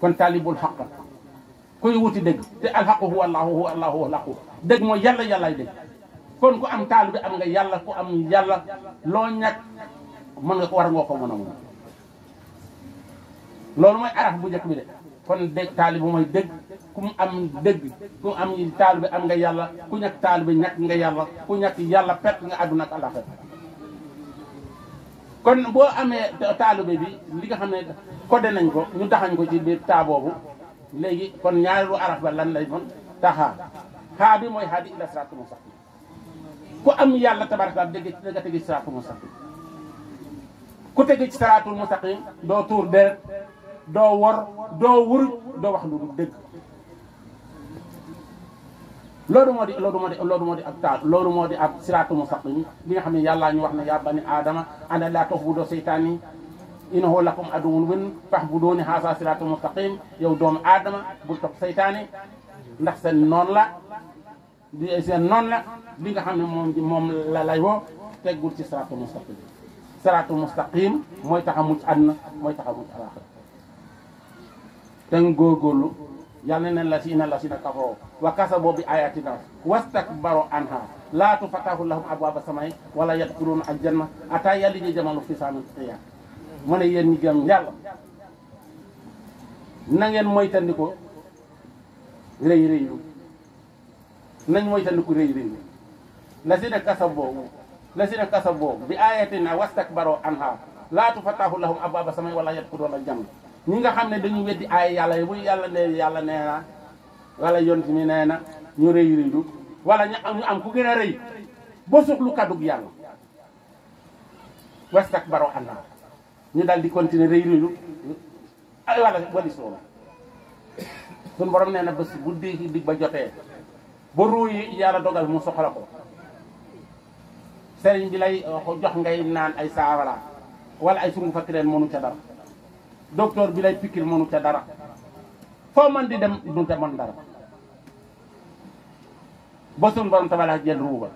kon taalibul xaq kuy wuti dëgg te alxaqu huwa allahu huwa allahu huwa alxaqu dëgg mooy yàlla yàllaay dëgg kon ku am taalibe am nga yàlla ku am yàlla loo ñàkk mën nga ko war ngoo ko mën a moom loolu mooy araf bu njëkk bi de kon dëgg taalibe mooy dëgg ku mu am dëgg ku am taalibe am nga yàlla ku ñàkk taalibe ñàkk nga yàlla ku ñàkk yàlla perte nga àdduna ak àllaxira kon boo amee taalube bi li nga xam ne codé nañ ko ñu taxañ ko ci biir taa boobu léegi kon ñaareelu araf ba lan lay doon taxa xaa bi mooy xaa di ila siraatu mustaqim ku am yàlla tabaraka dégg nga tege ci siraatul mustaqim ku tege ci siraatul mustaqim doo tuur deret doo wor doo wur doo wax lu dul dëgg loolu moo loolu moo di loolu moo di ak loolu moo di ak siraatu mustaqim li nga xam ne yàllaa ñu wax ne yaa bani aadama ana laa ta'budu seytaani innahu lakum aduwwun mubin fa'buduuni haazaa siraatu mustaqim yow doomu aadama bul topp seytaane ndax seen noon la di seen la li nga xam ne moom moom la lay woo teggul ci siraatu mustaqim siraatu mustaqim mooy tax a mucc àdduna mooy tax a mucc alaaxira te yàlla ne lasina lasina kafaroo wa kasaboo bi ayati ayatina wastakbaro anha laa tufatahu lahum abwaaba samay wala yadxuluuna a ata yàlli ñu jamalu fi saanul xiyaam mu ne yéen ñi gëm yàlla na ngeen moytandiku rëy rëylu nañ moytandiku rëy rëylu lasina kasaboo lasina kasaboo bi ayatina wastakbaro laatu laa tufatahu lahum abwaaba samay wala a aljanna ñi nga xam ne dañu weddi ay yàlla yi bu yàlla ne yàlla nee walla yoon yont mi nee na ñu rëy rëylu wala ñu am ñu am ku gën a rëy ba soxlu kaddu yàlla wastak baro anna ñu dal di continuer rëy rëylu ay wala wali soona suñu borom nee na bés bu dee dig ba jotee ba ruuy yàlla dogal mu soxla ko sëriñ bi lay jox ngay naan ay saawara wala ay sungu fa kireen mënu ca dara docteur bi lay piqûre mënu ca dara foo man di dem du te mën dara ba suñu borom tabaaraka jël ruuba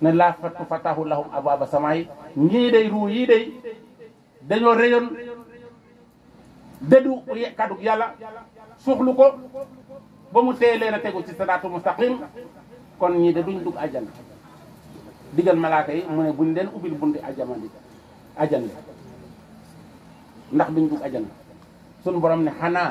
ne laa fattu fatahu lahum abwaaba samaay ñii day ruu yii day dañoo réyoon dëddu kaddu yàlla suuxlu ko ba mu tee leen a tegu ci siraatul mustaqim kon ñii de duñ dugg ajjana digal malaaka yi mu ne buñ leen ubbil bunti ajjana ajjana ndax duñ bugg ajana sunu borom ne xanaa